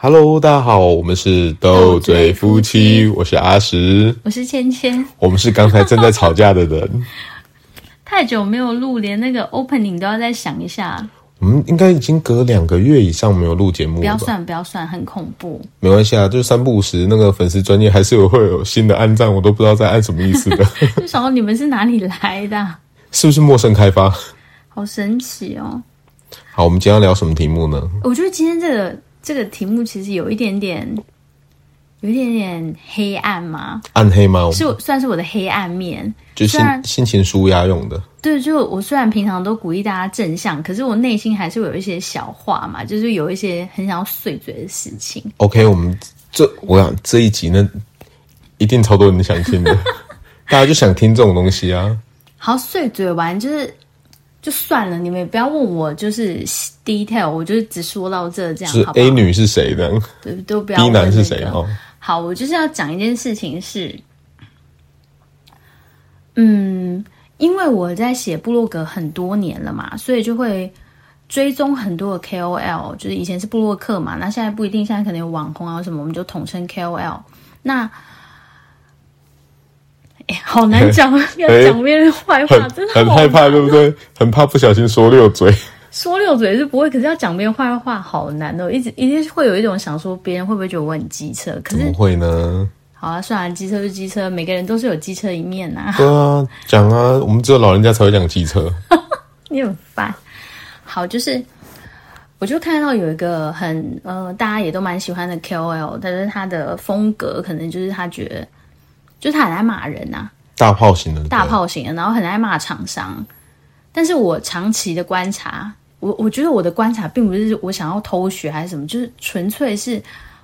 Hello，大家好，我們是逗嘴夫妻。Hello, 我是阿史，我是千千， 我們是剛才正在吵架的人。 太久沒有錄，連那個 opening 都要再想一下。我們應該已經隔兩個月以上沒有錄節目，不要算，不要算，很恐怖。沒關係啊，就是三不五時，那個粉絲專頁還是有會有新的按讚，我都不知道在按什麼意思的。就 想到 你們是哪裡來的啊？是不是陌生開發？好神奇哦。好，我們今天要聊什麼題目呢？我覺得今天這個。這個題目其實有一點點，有一點點黑暗嘛，暗黑嗎？是我算是我的黑暗面，就是心，然心情舒壓用的。對，就我雖然平常都鼓勵大家正向，可是我內心還是有一些小話嘛，就是有一些很想要碎嘴的事情。OK，我們這我想這一集呢，一定超多人想聽的， 大家就想聽這種東西啊，好碎嘴完就是。就算了，你們也不要問我，就是 detail，我就是只說到這這樣。是 A 女是誰的？對，都不要問、這個、男是誰、哦、好，我就是要講一件事情是，嗯，因為我在寫部落格很多年了嘛，所以就會追蹤很多的 KOL，就是以前是部落客嘛，那現在不一定，現在可能有網紅啊什麼，我們就統稱 KOL。那欸、好難講，欸、要講別人壞話，欸、真的、喔、很害怕，對不對？很怕不小心說碎嘴，說碎嘴是不會，可是要講別人壞話，好難哦、喔！一直，一直會有一種想說，別人會不會覺得我很機車？可是怎麼會呢？好啊，算了，機車是機車，每個人都是有機車一面吶、啊。對啊，講啊，我們只有老人家才會講機車。 你很煩。好，就是，我就看到有一個很呃，大家也都蠻喜歡的 KOL，但是他的風格可能就是他覺得。就他很愛罵人吶、啊，大炮型的、大炮型的，然後很愛罵廠商。但是我長期的觀察，我我覺得我的觀察並不是我想要偷學還是什麼，就是純粹是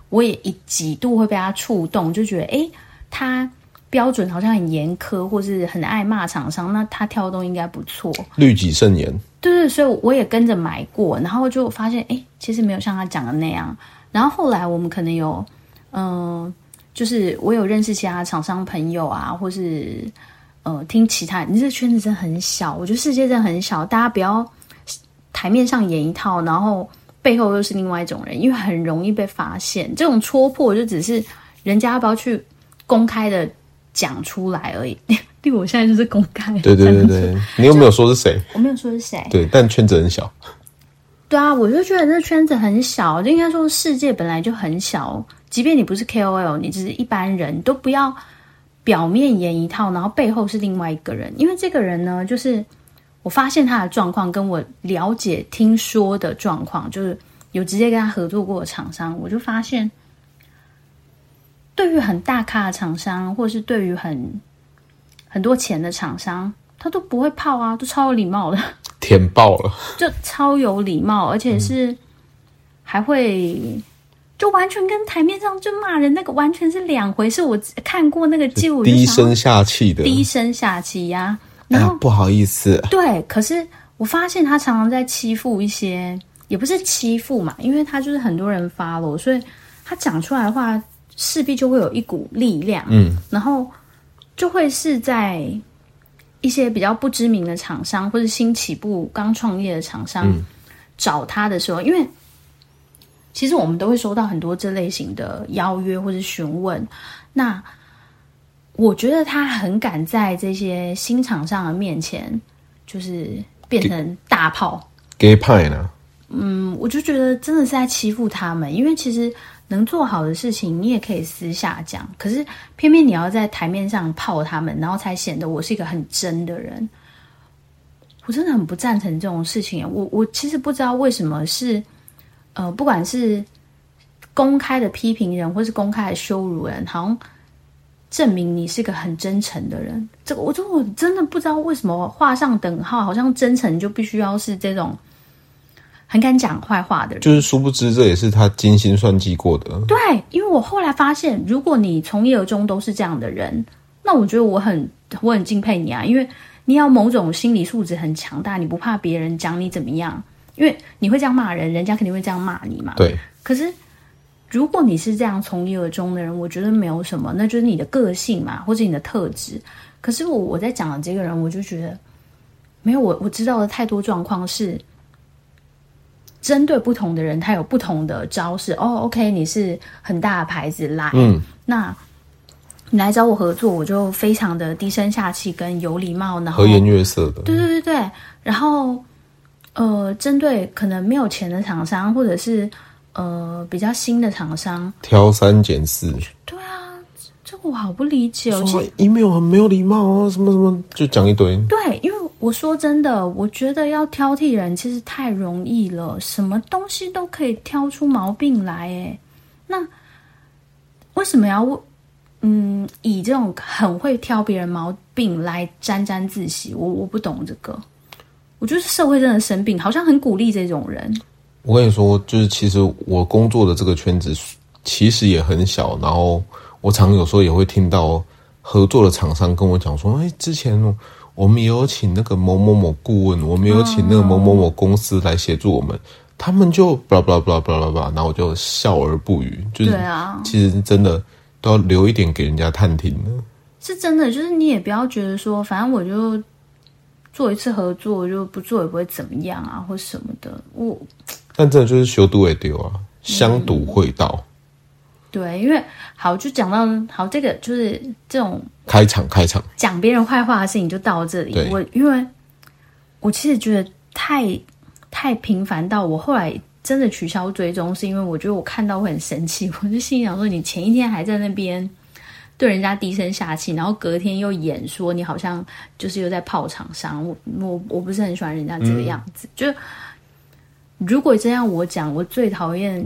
我也一幾度會被他觸動，就覺得誒、欸、他標準好像很嚴苛，或是很愛罵廠商，那他挑的東西應該不錯。律己慎言。對，對對，所以我也跟着買過，然後就發現誒、欸、其實沒有像他講的那樣。然後後來我們可能有嗯。呃就是我有認識其他廠商朋友啊，或是呃聽其他，你這個圈子真的很小，我覺得世界真的很小，大家不要台面上演一套，然後背後又是另外一種人，因為很容易被發現。這種戳破就只是人家要不要去公開的講出來而已。對 我現在就是公開，對對對對，你有沒有說是誰？我沒有說是誰，對，但圈子很小。對啊，我就覺得那圈子很小，就應該說世界本來就很小。即便你不是 KOL，你只是一般人都不要表面演一套，然後背後是另外一個人。因為這個人呢，就是我發現他的狀況，跟我了解、聽說的狀況，就是有直接跟他合作過的廠商，我就發現，對於很大咖的廠商，或是對於很很多錢的廠商，他都不會泡啊，都超有禮貌的。舔爆了就，就超有禮貌，而且是還會，就完全跟台面上就罵人那個完全是兩回事。我看過那個記錄，低聲下氣的，低聲下氣呀，然後、啊、不好意思，對。可是我發現他常常在欺負一些，也不是欺負嘛，因為他就是很多人發 o 所以他講出來的話勢必就會有一股力量，嗯，然後就會是在。一些比較不知名的廠商或者新起步、剛創業的廠商、嗯、找他的時候，因為其實我們都會收到很多這類型的邀約或者詢問。那我覺得他很敢在這些新廠商的面前，就是變成大炮。蓋牌啊。嗯，我就覺得真的是在欺負他們，因為其實能做好的事情，你也可以私下講，可是偏偏你要在台面上泡他們，然後才顯得我是一個很真的人。我真的很不贊成這種事情。我我其實不知道為什麼是，呃，不管是公開的批評人，或是公開的羞辱人，好像證明你是一個很真誠的人。這我就我真的不知道為什麼畫上等號，好像真誠就必須要是這種。很敢講壞話的人，就是殊不知這也是他精心算計過的。對，因為我後來發現，如果你從一而終都是這樣的人，那我覺得我很我很敬佩你啊，因為你要某種心理素質很強大，你不怕別人講你怎麼樣，因為你會這樣罵人，人家肯定會這樣罵你嘛。對。可是如果你是這樣從一而終的人，我覺得沒有什麼，那就是你的個性嘛，或者你的特質。可是我我在講的這個人，我就覺得沒有我我知道的太多狀況是。針對不同的人，他有不同的招式。哦，OK，你是很大的牌子來，嗯，那你來找我合作，我就非常的低聲下氣跟有禮貌，然後和顏悅色的。對對對對，然後呃，針對可能沒有錢的廠商或者是呃比較新的廠商，挑三揀四。對啊，這個我好不理解哦。因為 email 很沒有禮貌哦，什麼什麼就講一堆。對，因為。我說真的，我覺得要挑剔人其實太容易了，什麼東西都可以挑出毛病來。哎，那為什麼要問？嗯，以這種很會挑別人毛病來沾沾自喜？我我不懂這個。我覺得社會真的生病，好像很鼓勵這種人。我跟你說，就是其實我工作的這個圈子其實也很小，然後我常有時候也會聽到合作的廠商跟我講說：“哎，之前我。”我們也有請那個某某某顧問，我們也有請那個某某某公司來協助我們，嗯、他們就 blah、blah blah blah blah blah，然後我就笑而不語。就是、對啊，其實真的都要留一點給人家探聽呢。是真的，就是你也不要覺得說，反正我就做一次合作我就不做也不會怎麼樣啊，或什麼的。我但真的就是修讀會丟啊，相毒會道。嗯對，因為好就講到好，這個就是這種開場開場講別人壞話的事情就到這裡。我因為我其實覺得太太頻繁到我後來真的取消追蹤，是因為我覺得我看到會很生氣。我就心裡想說，你前一天還在那邊對人家低聲下氣，然後隔天又演說你好像就是又在炮廠上，我我我不是很喜歡人家這個樣子。嗯，就如果真要我講，我最討厭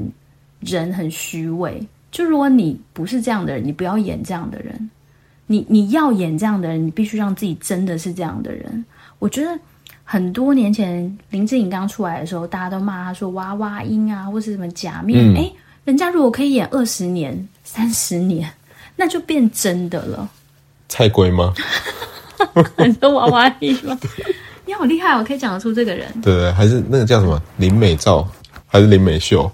人很虛偽。就如果你不是這樣的人，你不要演這樣的人。你你要演這樣的人，你必須讓自己真的是這樣的人。我覺得很多年前林志穎剛出來的時候，大家都罵他說娃娃音啊，或是什麼假面。哎、嗯欸，人家如果可以演二十年、三十年，那就變真的了。蔡圭嗎？很多 娃娃音嗎？ 你好厲害、哦，我可以講得出這個人。對，對對，還是那個叫什麼林美照，還是林美秀？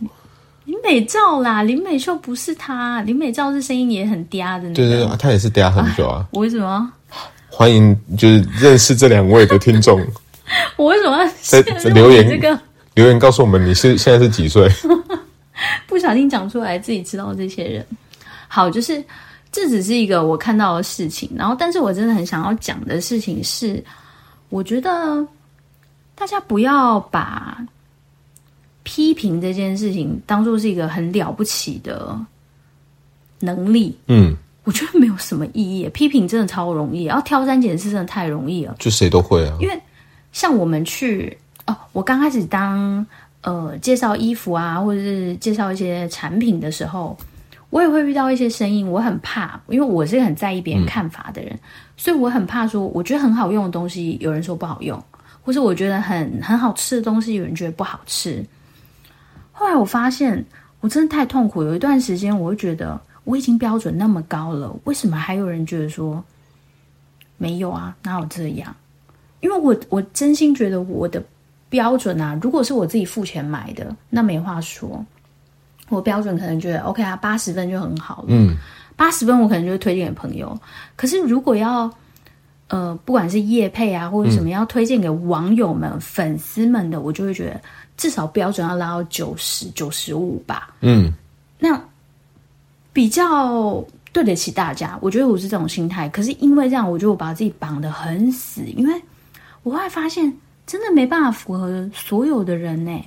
美照啦，林美秀不是他，林美照這聲音也很嗲的，對對對，他也是嗲很久啊。我為什麼？歡迎就是認識這兩位的聽眾。 我為什麼要麼、這個？留言這個留言告訴我們你是現在是幾歲？ 不小心講出來自己知道的這些人。好，就是這只是一個我看到的事情，然後，但是我真的很想要講的事情是，我覺得大家不要把。批評這件事情當做是一個很了不起的能力，嗯，我覺得沒有什麼意義。批評真的超容易，然後挑三揀四真的太容易了，就誰都會啊。因為像我們去哦，我剛開始當呃介紹衣服啊，或者是介紹一些產品的時候，我也會遇到一些聲音。我很怕，因為我是一個很在意別人看法的人，嗯。所以我很怕說，我覺得很好用的東西，有人說不好用，或是我覺得很很好吃的東西，有人覺得不好吃。後來我發現，我真的太痛苦。有一段時間，我會覺得我已經標準那麼高了，為什麼還有人覺得說沒有啊？哪有這樣？因為我我真心覺得我的標準啊，如果是我自己付錢買的，那沒話說。我標準可能覺得 OK 啊，八十分就很好了。嗯、八十分我可能就會推薦給朋友。可是如果要呃，不管是業配啊，或者什麼要推薦給網友們、嗯、粉絲們的，我就會覺得。至少標準要拉到九十九十五吧。嗯，那比較對得起大家。我覺得我是這種心態，可是因為這樣，我覺得我把自己綁得很死。因為我後來發現，真的沒辦法符合所有的人呢。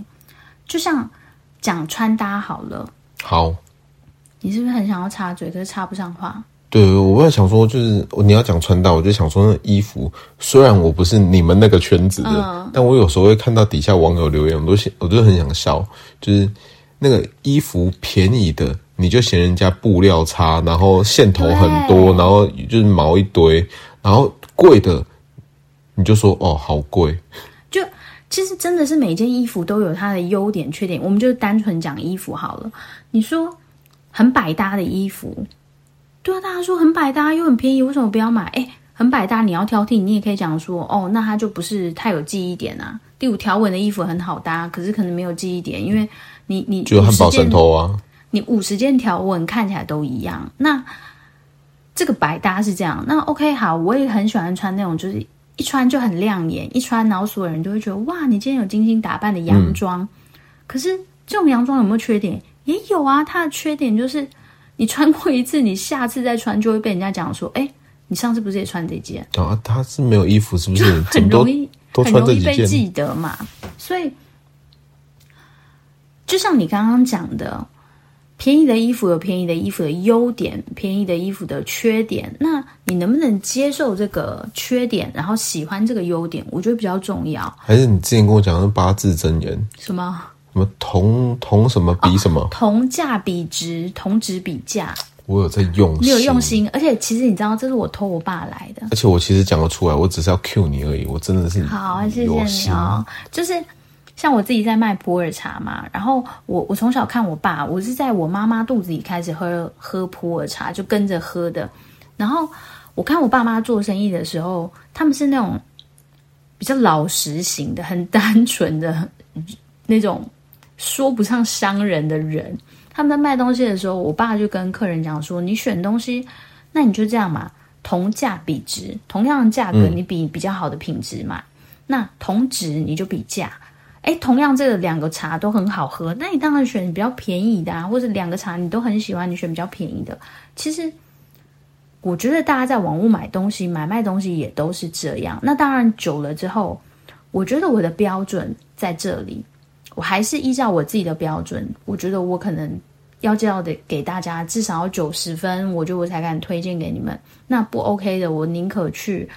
就像講穿搭好了，好，你是不是很想要插嘴，可是插不上話？對，我本想說，就是你要講穿搭，我就想說，那衣服雖然我不是你們那個圈子的，嗯、但我有時候會看到底下網友留言，我都想，我就很想笑，就是那個衣服便宜的，你就嫌人家布料差，然後線頭很多，對然後就是毛一堆，然後貴的，你就說哦，好貴。就其實真的是每件衣服都有它的優點缺點，我們就單純講衣服好了。你說很百搭的衣服。對啊，大家說很百搭又很便宜，為什麼不要買？哎，很百搭，你要挑剔，你也可以講說哦，那它就不是太有記憶點啊。第五條紋的衣服很好搭，可是可能沒有記憶點，因為你你五十件就很保頭啊，你五十件條紋看起來都一樣。那這個百搭是這樣。那 OK，好，我也很喜歡穿那種，就是一穿就很亮眼，一穿然後所有人都會覺得哇，你今天有精心打扮的洋裝。嗯、可是這種洋裝有沒有缺點？也有啊，它的缺點就是。你穿過一次，你下次再穿就會被人家講說：“哎、欸，你上次不是也穿這件？”啊，他是沒有衣服，是不是？就很容易，都很容易被記得嘛。所以，就像你剛剛講的，便宜的衣服有便宜的衣服的優點，便宜的衣服的缺點。那你能不能接受這個缺點，然後喜歡這個優點？我覺得比較重要。還是你之前跟我講的八字真言？什麼？同同什麼比什麼？哦、同價比值，同值比價。我有在用心，你有用心。而且其實你知道，這是我偷我爸來的。而且我其實講得出來，我只是要 cue 你而已。我真的是好、啊，謝謝你啊、哦哦。就是像我自己在賣普洱茶嘛，然後我我從小看我爸，我是在我媽媽肚子裡開始喝喝普洱茶，就跟着喝的。然後我看我爸媽做生意的時候，他們是那種比較老實型的，很單純的那種。說不上商人的人，他們在賣東西的時候，我爸就跟客人講說：“你選東西，那你就這樣嘛，同價比值，同樣的價格你比比較好的品質嘛。嗯、那同值你就比價。哎，同樣這個兩個茶都很好喝，那你當然選比較便宜的啊。或者兩個茶你都很喜歡，你選比較便宜的。其實，我覺得大家在網絡買東西、買賣東西也都是這樣。那當然久了之後，我覺得我的標準在這裡。”我還是依照我自己的標準，我覺得我可能要介紹的給大家至少要九十分，我就我才敢推薦給你們。那不 OK 的，我寧可去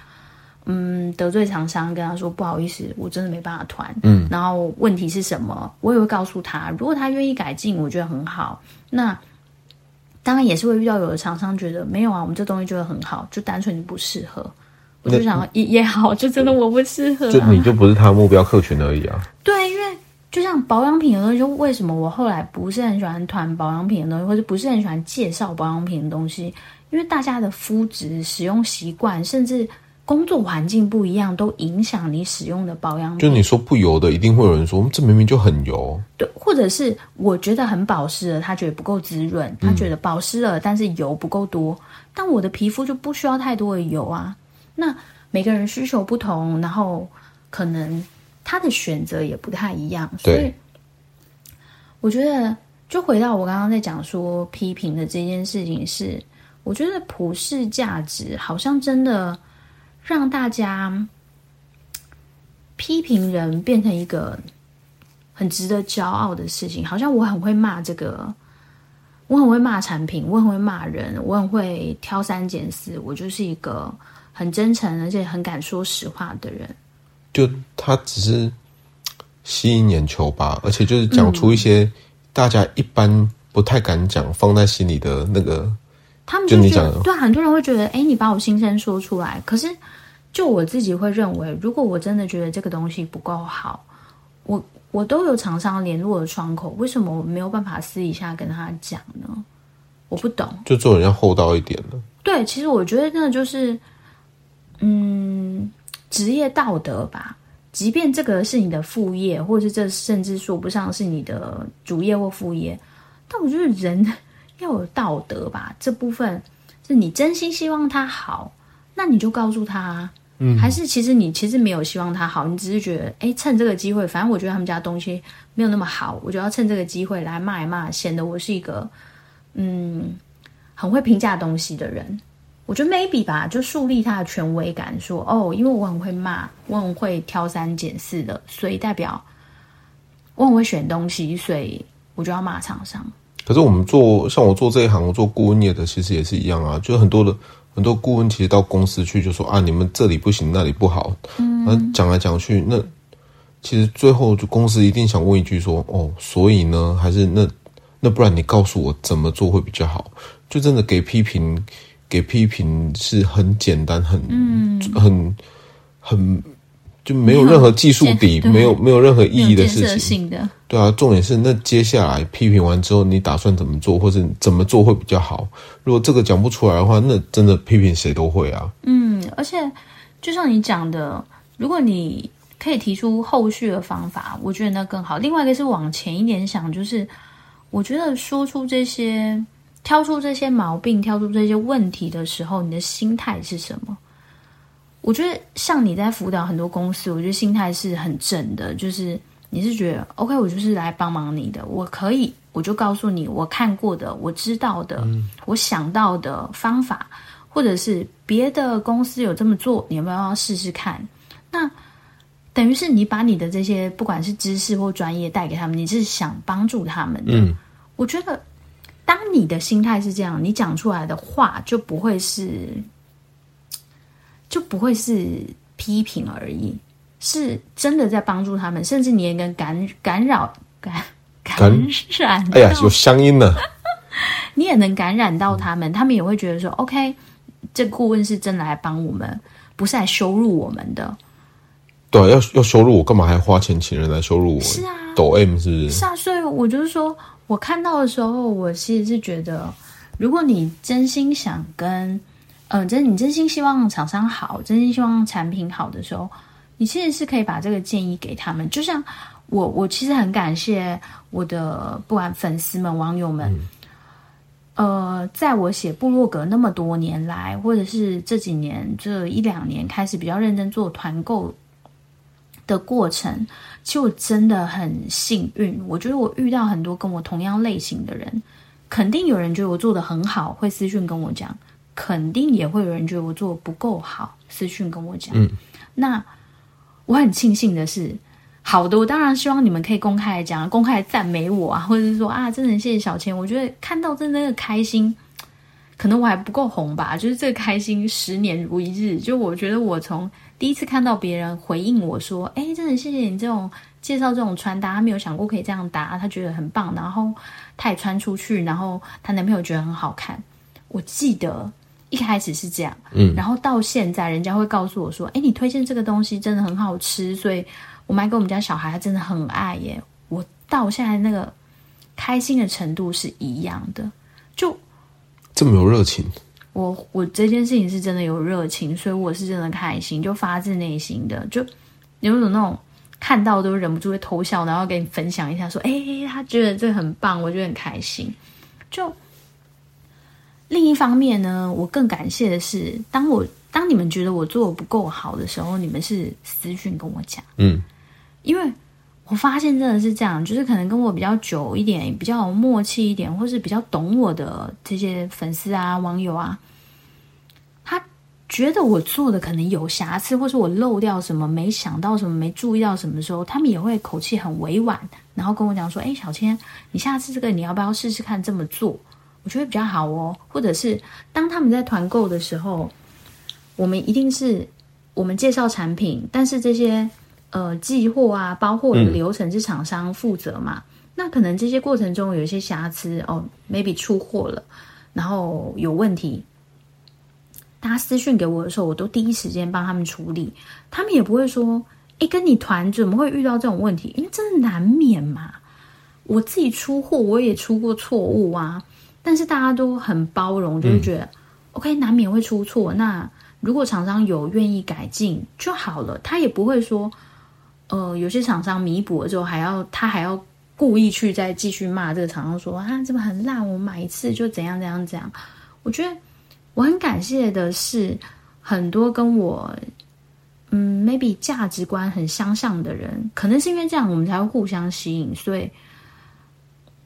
嗯得罪廠商，跟他說不好意思，我真的沒辦法團。嗯，然後問題是什麼，我也會告訴他。如果他願意改進，我覺得很好。那當然也是會遇到有的廠商覺得沒有啊，我們這東西就會很好，就單純你不適合。我就想要，也那也好，就真的我不適合啊，就你就不是他目標客群而已啊。對。 就像保養品的東西，就為什麼我後來不是很喜歡談保養品的東西，或者不是很喜歡介紹保養品的東西？因為大家的膚質、使用習慣，甚至工作環境不一樣，都影響你使用的保養品。就你說不油的，一定會有人說，嗯、這明明就很油。對，或者是我覺得很保濕了，他覺得不夠滋潤，他覺得保濕了，嗯、但是油不夠多。但我的皮膚就不需要太多的油啊。那每個人需求不同，然後可能。他的選擇也不太一樣，所以我覺得，就回到我剛剛在講說批評的這件事情是，是我覺得普世價值好像真的讓大家批評人變成一個很值得驕傲的事情，好像我很會罵這個，我很會罵產品，我很會罵人，我很會挑三揀四，我就是一個很真誠而且很敢說實話的人。就他只是吸引眼球吧，而且就是講出一些大家一般不太敢講、放在心裡的那個。嗯、他們就覺得，就你講的，對，很多人會覺得，哎、欸，你把我心聲說出來。可是，就我自己會認為，如果我真的覺得這個東西不夠好，我我都有常常聯絡的窗口，為什麼我沒有辦法私底下跟他講呢？我不懂，就做人要厚道一點了。對，其實我覺得真的就是，嗯。職業道德吧，即便這個是你的副業，或者是這甚至說不上是你的主業或副業，但我覺得人要有道德吧。這部分是你真心希望他好，那你就告訴他、啊。嗯，還是其實你其實沒有希望他好，你只是覺得，哎、欸，趁這個機會，反正我覺得他們家的東西沒有那麼好，我就要趁這個機會來罵一罵，顯得我是一個嗯，很會評價東西的人。我覺得 maybe 吧，就樹立他的權威感，說哦，因為我很會罵，我很會挑三揀四的，所以代表我很會選東西，所以我就要罵廠商。可是我們做像我做這一行，我做顧問業的，其實也是一樣啊。就是很多的很多顧問，其實到公司去就說啊，你們這裡不行，那裡不好，嗯，那講來講去，那其實最後就公司一定想問一句說哦，所以呢，還是那那不然你告訴我怎麼做會比較好？就真的給批評。給批評是很簡單，很、嗯、很、很就沒有任何技術底，沒有、沒有任何意義的事情。對啊，重點是那接下來批評完之後，你打算怎麼做，或者怎麼做會比較好？如果這個講不出來的話，那真的批評誰都會啊。嗯，而且就像你講的，如果你可以提出後續的方法，我覺得那更好。另外一個是往前一點想，就是我覺得說出這些。挑出這些毛病，挑出這些問題的時候，你的心態是什麼？我覺得像你在輔導很多公司，我覺得心態是很正的，就是你是覺得 OK，我就是來幫忙你的，我可以，我就告訴你我看過的，我知道的，嗯、我想到的方法，或者是別的公司有這麼做，你有沒有要試試看？那等於是你把你的這些不管是知識或專業帶給他們，你是想幫助他們的。嗯、我覺得。當你的心態是這樣，你講出來的話就不會是，就不會是批評而已，是真的在幫助他們，甚至你也能感感，感，感，感染、感感染。哎呀，有鄉音啊， 你也能感染到他們，嗯、他們也會覺得說：“OK，這顧問是真的來幫我們，不是來羞辱我們的。”對、啊，要要羞辱我，幹嘛還要花錢請人來羞辱我？是啊，抖 M 是不是，是啊，所以我就是說。我看到的時候，我其實是覺得，如果你真心想跟，嗯、呃，真你真心希望廠商好，真心希望產品好的時候，你其實是可以把這個建議給他們。就像我，我其實很感謝我的不管粉絲們、網友們，嗯、呃，在我寫部落格那麼多年來，或者是這幾年這一兩年開始比較認真做團購的過程。就真的很幸運，我覺得我遇到很多跟我同樣類型的人，肯定有人覺得我做得很好，會私訊跟我講；肯定也會有人覺得我做得不夠好，私訊跟我講。嗯，那我很慶幸的是，好的，我當然希望你們可以公開講，公開讚美我啊，或者是說啊，真的謝謝小千，我覺得看到真的那個開心，可能我還不夠紅吧，就是這個開心十年如一日，就我覺得我從。第一次看到別人回應我說：“哎，真的謝謝你這種介紹這種穿搭，他沒有想過可以這樣搭，他覺得很棒。”然後他也穿出去，然後他男朋友覺得很好看。我記得一開始是這樣，嗯，然後到現在，人家會告訴我說：“嗯，哎，你推薦這個東西真的很好吃，所以我買給我們家小孩，他真的很愛耶。”我到現在那個開心的程度是一樣的，就這麼有熱情。我我這件事情是真的有熱情，所以我是真的開心，就發自內心的，就你有種那種看到都忍不住會偷笑，然後跟你分享一下說，說哎他覺得這很棒，我就很開心。就另一方面呢，我更感謝的是，當我當你們覺得我做的不夠好的時候，你們是私訊跟我講，嗯，因為。我發現真的是這樣，就是可能跟我比較久一點、比較有默契一點，或是比較懂我的這些粉絲啊、網友啊，他覺得我做的可能有瑕疵，或是我漏掉什麼、沒想到什麼、沒注意到什麼的時候，他們也會口氣很委婉，然後跟我講說：“哎，小千，你下次這個你要不要試試看這麼做？我覺得比較好哦。”或者是當他們在團購的時候，我們一定是我們介紹產品，但是這些。呃，寄貨啊，包括流程是廠商負責嘛，嗯、那可能這些過程中有一些瑕疵哦，maybe 出貨了，然後有問題，大家私訊給我的時候，我都第一時間幫他們處理。他們也不會說，哎，跟你團怎麼會遇到這種問題？因為真的難免嘛。我自己出貨我也出過錯誤啊，但是大家都很包容，就會、是、覺得、嗯、OK，難免會出錯。那如果廠商有願意改進就好了，他也不會說。呃，有些廠商彌補了之後，還要他還要故意去再繼續罵這個廠商說，說啊，怎麼很爛，我買一次就怎樣怎樣怎樣。我覺得我很感謝的是，很多跟我嗯 maybe 價值觀很相像的人，可能是因為這樣，我們才會互相吸引。所以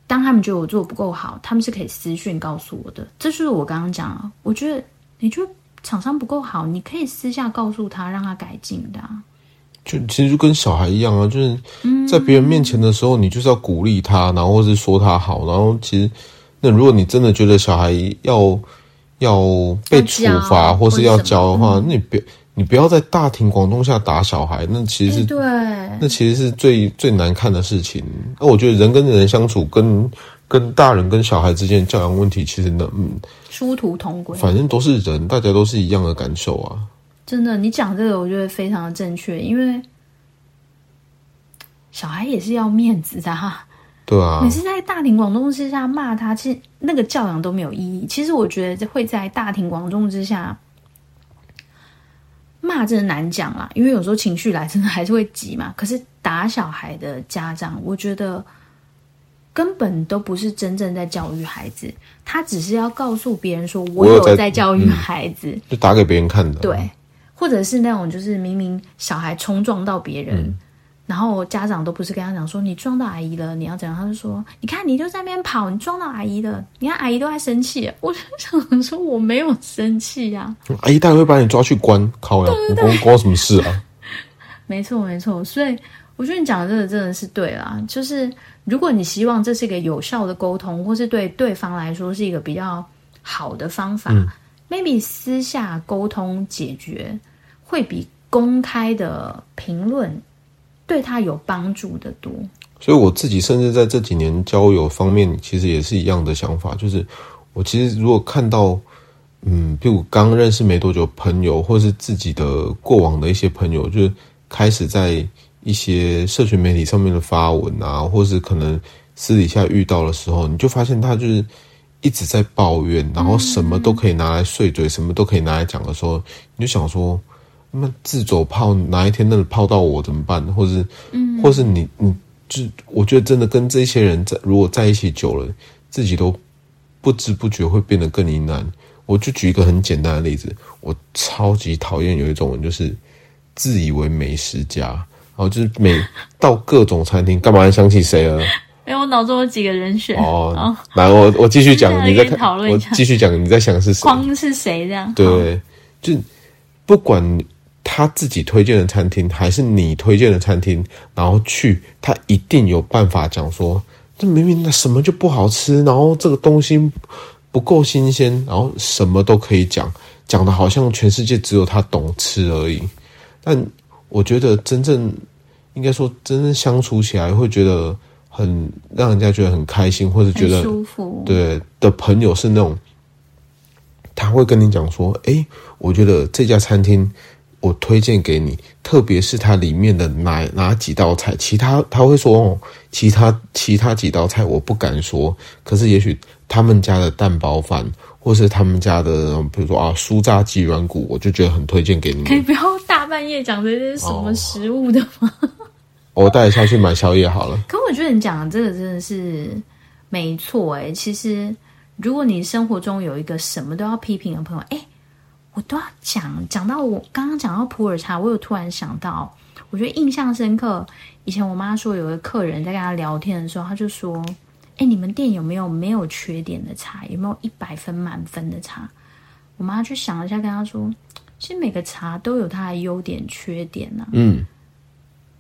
當他們覺得我做的不夠好，他們是可以私訊告訴我的。這是我剛剛講了，我覺得你覺得廠商不夠好，你可以私下告訴他，讓他改進的啊。就其實就跟小孩一樣啊，就是在別人面前的時候，嗯、你就是要鼓勵他，然後或是說他好，然後其實那如果你真的覺得小孩要要被處罰、要教、或是要教的話，那你你不要在大庭廣眾下打小孩，那其實是、欸、對，那其實是最最難看的事情。那我覺得人跟人相處，跟跟大人跟小孩之間教養問題，其實能、嗯、殊途同歸，反正都是人，大家都是一樣的感受啊。真的，你講這個，我覺得非常的正確。因為小孩也是要面子的哈。對啊。你是在大庭廣眾之下罵他，其實那個教養都沒有意義。其實我覺得會在大庭廣眾之下罵，真的難講啦。因為有時候情緒來，真的還是會急嘛。可是打小孩的家長，我覺得根本都不是真正在教育孩子，他只是要告訴別人說我有在教育孩子，嗯，就打給別人看的。對。或者是那種，就是明明小孩衝撞到別人，嗯、然後家長都不是跟他講說你撞到阿姨了，你要怎樣？他就說你看你就在那邊跑，你撞到阿姨了，你看阿姨都在生氣。我就想說我沒有生氣呀、啊，阿姨待會會把你抓去關，靠呀，關我什麼事啊？沒錯，沒錯。所以我覺得你講的真的真的是對了，就是如果你希望這是一個有效的溝通，或是對對方來說是一個比較好的方法，嗯、maybe 私下溝通解決。會比公開的評論對他有幫助的多，所以我自己甚至在這幾年交友方面，其實也是一樣的想法。就是我其實如果看到，嗯，比如我剛認識沒多久朋友，或是自己的過往的一些朋友，就是開始在一些社群媒體上面的發文啊，或是可能私底下遇到的時候，你就發現他就是一直在抱怨，然後什麼都可以拿來碎嘴，什麼都可以拿來講的時候，你就想說。那自走炮哪一天那個炮到我怎麼辦？或是嗯，或是你，你就我覺得真的跟這些人在如果在一起久了，自己都不知不覺會變得更陰暗。我就舉一個很簡單的例子，我超級討厭有一種人，就是，就是自以為美食家，然後就是每到各種餐廳，幹嘛還想起誰了？啊？為、哎，我腦中有幾個人選哦。哦來，我我繼續講，你在討論我繼續講，你在想是誰？光是誰這樣？對，好就不管。嗯他自己推薦的餐廳，還是你推薦的餐廳，然後去，他一定有辦法講說，這明明什麼就不好吃，然後這個東西不夠新鮮，然後什麼都可以講，講的好像全世界只有他懂吃而已。但我覺得真正應該說真正相處起來會覺得很讓人家覺得很開心，或者覺得舒服，對的朋友是那種他會跟你講說，哎，我覺得這家餐廳。我推薦給你，特別是它裡面的哪哪幾道菜，其他他會說哦，其他其他幾道菜我不敢說，可是也許他們家的蛋包飯，或是他們家的比如說啊酥炸雞軟骨，我就覺得很推薦給你。可以不要大半夜講這些什麼食物的嗎？哦，我帶你下去買宵夜好了。可我覺得你講的這個真的是沒錯哎，欸，其實如果你生活中有一個什麼都要批評的朋友，欸我都要講講到我剛剛講到普洱茶，我有突然想到，我覺得印象深刻。以前我媽說，有個客人在跟她聊天的時候，她就說：“哎、欸，你們店有沒有沒有缺點的茶？有沒有一百分滿分的茶？”我媽去想了一下，跟她說：“其實每個茶都有它的優點缺點呢、啊。”嗯，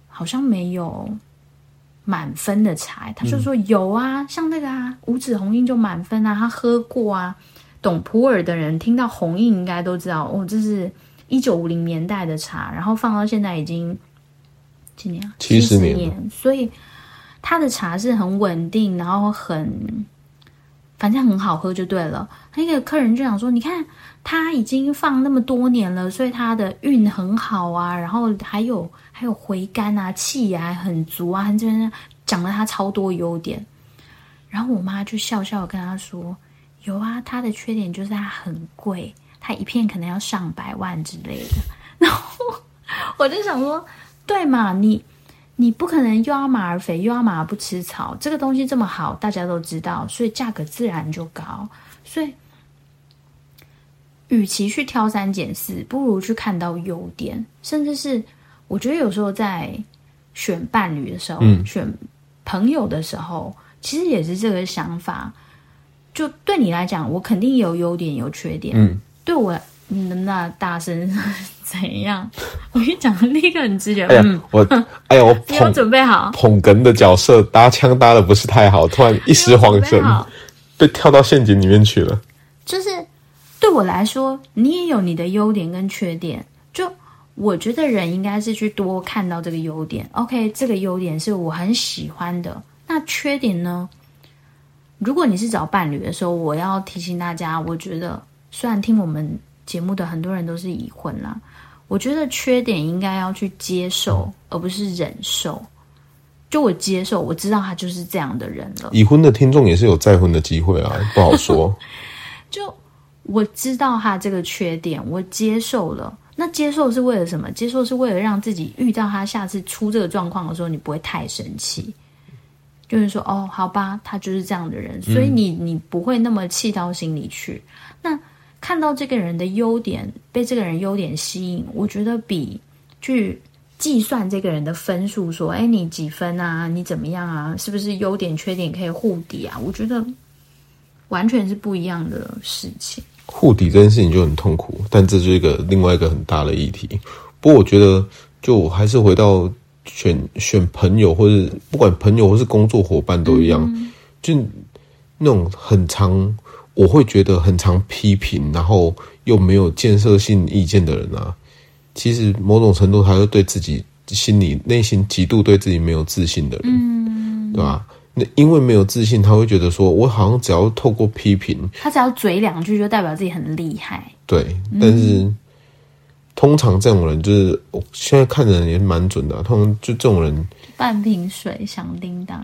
好像沒有滿分的茶、欸。她就說：“有啊，嗯、像那個啊，五指紅印就滿分啊，她喝過啊。”懂普洱的人聽到紅印應該都知道，哦，這是一九五零年代的茶，然後放到現在已經幾年，啊，七十年，七十年，所以他的茶是很穩定，然後很反正很好喝就對了。那個客人就想說，你看他已經放那麼多年了，所以他的韻很好啊，然後還有還有回甘啊，氣啊很足啊，他這邊樣，講了他超多優點。然後我媽就笑笑的跟他說。有啊，它的缺點就是它很貴，它一片可能要上百萬之類的。然後我就想說，對嘛，你你不可能又要馬兒肥，又要馬兒不吃草。這個東西這麼好，大家都知道，所以價格自然就高。所以，與其去挑三揀四，不如去看到優點。甚至是我覺得有時候在選伴侶的時候，嗯、選朋友的時候，其實也是這個想法。就對你來講，我肯定有優點有缺點。嗯，對我，你的那大聲怎樣？我跟你講，那個很直覺。哎我哎呀，我捧準備好捧哏的角色，搭腔搭得不是太好，突然一時恍神，被跳到陷阱裡面去了。就是對我來說，你也有你的優點跟缺點。就我覺得人應該是去多看到這個優點。OK，這個優點是我很喜歡的。那缺點呢？如果你是找伴侶的時候，我要提醒大家，我覺得雖然聽我們節目的很多人都是已婚啦，我覺得缺點應該要去接受，而不是忍受。就我接受，我知道他就是這樣的人了。已婚的聽眾也是有再婚的機會啊，不好說。 就我知道他這個缺點，我接受了。那接受是為了什麼？接受是為了讓自己遇到他下次出這個狀況的時候，你不會太生氣。就是說，哦，好吧，他就是這樣的人，嗯、所以你你不會那麼氣到心裡去。那看到這個人的優點，被這個人優點吸引，我覺得比去計算這個人的分數，說，哎、欸，你幾分啊？你怎麼樣啊？是不是優點缺點可以互抵啊？我覺得完全是不一樣的事情。互抵這件事情就很痛苦，但這是一個另外一個很大的議題。不過，我覺得就還是回到。選選朋友，或是不管朋友或是工作夥伴都一樣，嗯、就那種很常，我會覺得很常批評，然後又沒有建設性意見的人啊，其實某種程度他是對自己心裡內心極度對自己沒有自信的人，嗯、對吧？那因為沒有自信，他會覺得說我好像只要透過批評，他只要嘴兩句就代表自己很厲害，對，嗯、但是。通常這種人就是，我，哦，現在看人也蠻準的啊！通常就這種人，半瓶水響叮噹，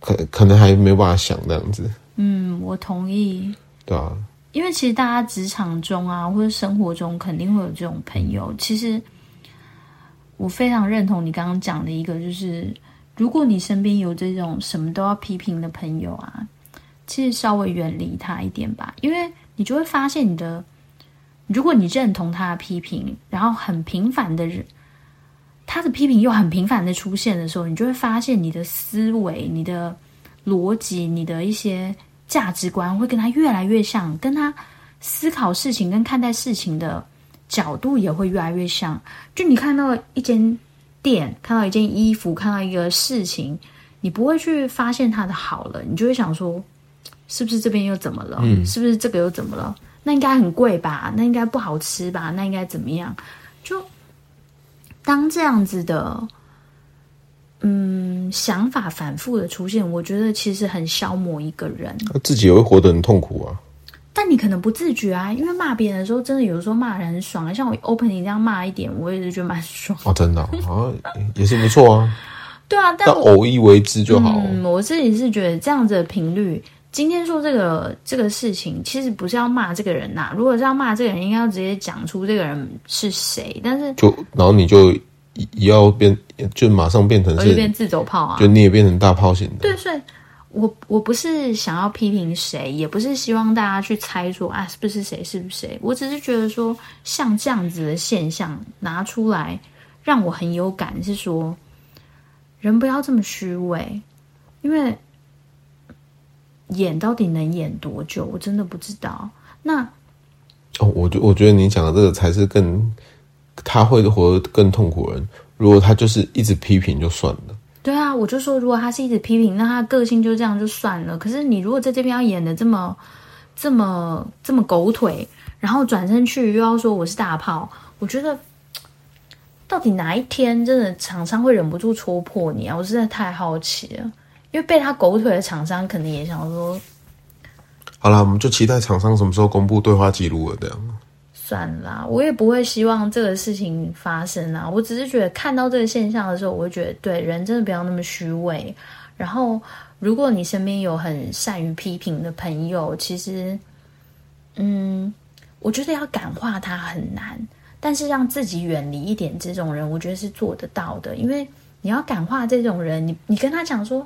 可可能還沒辦法想那樣子。嗯，我同意。對啊，因為其實大家職場中啊，或者生活中肯定會有這種朋友。其實我非常認同你剛剛講的一個，就是如果你身邊有這種什麼都要批評的朋友啊，其實稍微遠離他一點吧，因為你就會發現你的。如果你認同他的批評，然後很頻繁的人，他的批評又很頻繁的出現的時候，你就會發現你的思維、你的邏輯、你的一些價值觀會跟他越來越像，跟他思考事情跟看待事情的角度也會越來越像。就你看到一間店、看到一件衣服、看到一個事情，你不會去發現他的好了，你就會想說，是不是這邊又怎麼了？嗯，是不是這個又怎麼了？那應該很貴吧？那應該不好吃吧？那應該怎麼樣？就當這樣子的，嗯，想法反覆的出現，我覺得其實很消磨一個人，他自己也會活得很痛苦啊。但你可能不自覺啊，因為罵別人的時候，真的有的時候罵人很爽，像我 opening 這樣罵一點，我也是覺得蠻爽的、哦、真的啊，啊，也是不錯啊。 對啊，但到偶一為之就好、嗯。我自己是覺得這樣子的頻率。今天說這個這個事情，其實不是要罵這個人吶、啊。如果是要罵這個人，應該要直接講出這個人是誰。但是就然後你就、嗯、也要變，就馬上變成是變自走炮啊！就你也變成大炮型的。對，所以我，我我不是想要批評誰，也不是希望大家去猜說啊是不是誰是不是誰。我只是覺得說，像這樣子的現象拿出來，讓我很有感，是說人不要這麼虛偽，因為。演到底能演多久？我真的不知道。那哦，我覺我覺得你講的這個才是更，他會活得更痛苦人。人如果他就是一直批評，就算了。對啊，我就說如果他是一直批評，那他個性就這樣就算了。可是你如果在這邊要演的這麼這麼這麼狗腿，然後轉身去又要說我是大炮，我覺得到底哪一天真的廠商會忍不住戳破你啊？我實在太好奇了。因為被他狗腿的廠商肯定也想說，好了，我們就期待廠商什麼時候公布對話記錄了。這樣、啊、算啦，我也不會希望這個事情發生啦、啊、我只是覺得看到這個現象的時候，我會覺得對人真的不要那麼虛偽。然後，如果你身邊有很善於批評的朋友，其實，嗯，我覺得要感化他很難，但是讓自己遠離一點這種人，我覺得是做得到的。因為你要感化這種人，你你跟他講說。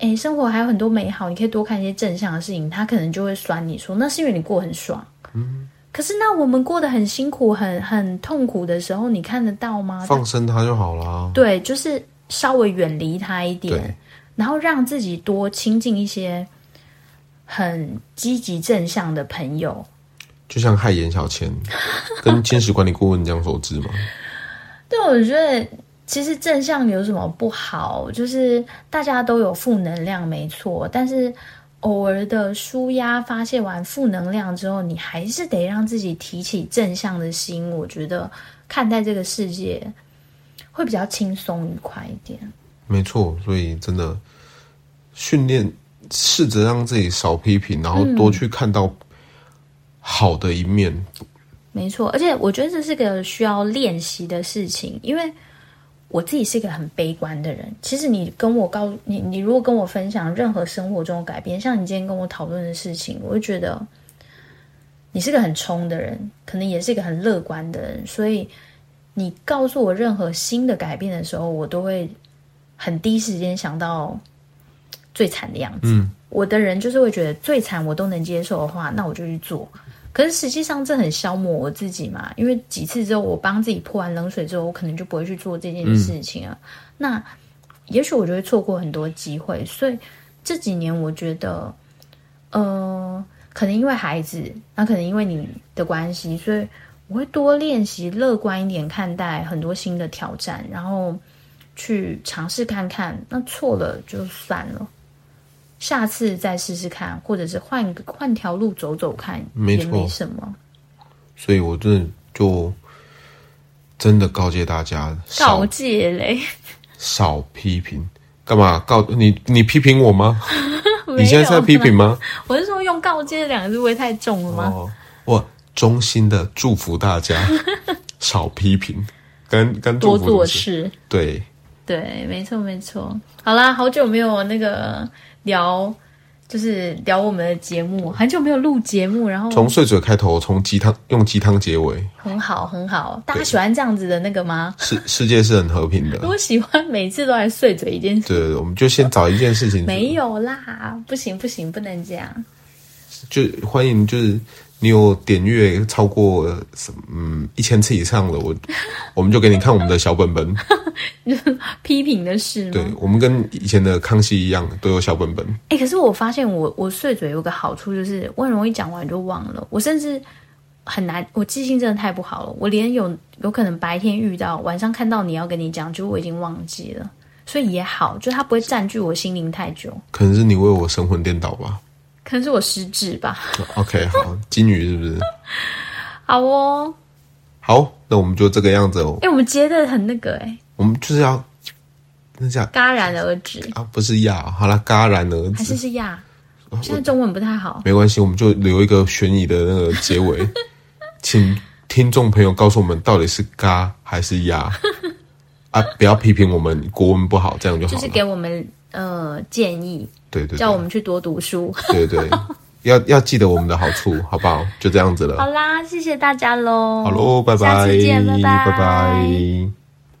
欸、生活還有很多美好，你可以多看一些正向的事情，他可能就會酸你說，那是因為你過得很爽。嗯、可是那我們過得很辛苦、很很痛苦的時候，你看得到嗎？放生他就好啦。對，就是稍微遠離他一點，對然後讓自己多親近一些很積極正向的朋友。就像害顏小千 跟兼職管理顧問這樣所致嗎？對，我覺得。其實正向有什麼不好？就是大家都有負能量，沒錯。但是偶爾的舒壓、發洩完負能量之後，你還是得讓自己提起正向的心。我覺得看待這個世界會比較輕鬆、愉快一點。沒錯，所以真的訓練，試着讓自己少批評，然後多去看到好的一面。嗯，沒錯，而且我覺得這是個需要練習的事情，因為。我自己是一個很悲觀的人。其實你跟我告訴你，你如果跟我分享任何生活中的改變，像你今天跟我討論的事情，我就覺得你是個很衝的人，可能也是一個很樂觀的人。所以你告訴我任何新的改變的時候，我都會很第一時間想到最慘的樣子。嗯。我的人就是會覺得最慘，我都能接受的話，那我就去做。可是實際上這很消磨我自己嘛，因為幾次之後我幫自己潑完冷水之後，我可能就不會去做這件事情了。嗯、那也許我就會錯過很多機會。所以這幾年我覺得，呃，可能因為孩子，那、啊、可能因為你的關係，所以我會多練習樂觀一點看待很多新的挑戰，然後去嘗試看看，那錯了就算了。下次再試試看，或者是換個換條路走走看，也沒錯什麼。所以，我真的就真的告誡大家：告誡嘞，少，少批評，幹嘛？告你，你批評我嗎？ 有你現在是在批評嗎？ 我是說，用“告誡”兩個字會太重了嗎？我、哦、衷心的祝福大家，少批評，幹幹多做事。對對，沒錯沒錯。好啦，好久沒有那個。聊就是聊我們的節目，很久沒有錄節目，然後從碎嘴開頭，從雞湯用雞湯結尾，很好很好。很好對大家喜歡這樣子的那個嗎？世世界是很和平的。我喜歡每次都在碎嘴一件事情，對，我們就先找一件事情。沒有啦，不行不行，不能這樣。就歡迎，就是你有點閱超過什麼、嗯、一千次以上了，我我們就給你看我們的小本本。 就 批評的事，對，我們跟以前的康熙一樣，都有小本本。哎、欸，可是我發現我我碎嘴有個好處，就是我很容易講完就忘了。我甚至很難，我記性真的太不好了。我連有有可能白天遇到，晚上看到你要跟你講，就我已經忘記了。所以也好，就它不會占據我心靈太久。可能是你為我神魂顛倒吧？可能是我失智吧、哦、？OK，好，金魚是不是？ 好哦，好，那我們就這個樣子哦。哎、欸，我們接得很那個哎、欸。我們就是要，那叫戛然而止啊，不是呀。好了，戛然而止還是是呀？現在中文不太好，沒關係，我們就留一個懸疑的那個結尾，請聽眾朋友告訴我們到底是嘎還是呀？啊！不要批評我們國文不好，這樣就好，就是給我們呃建議，對對，叫我們去多讀書，對對，要要記得我們的好處，好不好？就這樣子了，好啦，謝謝大家嘍，好嘍，拜拜，下次見，拜拜，拜拜。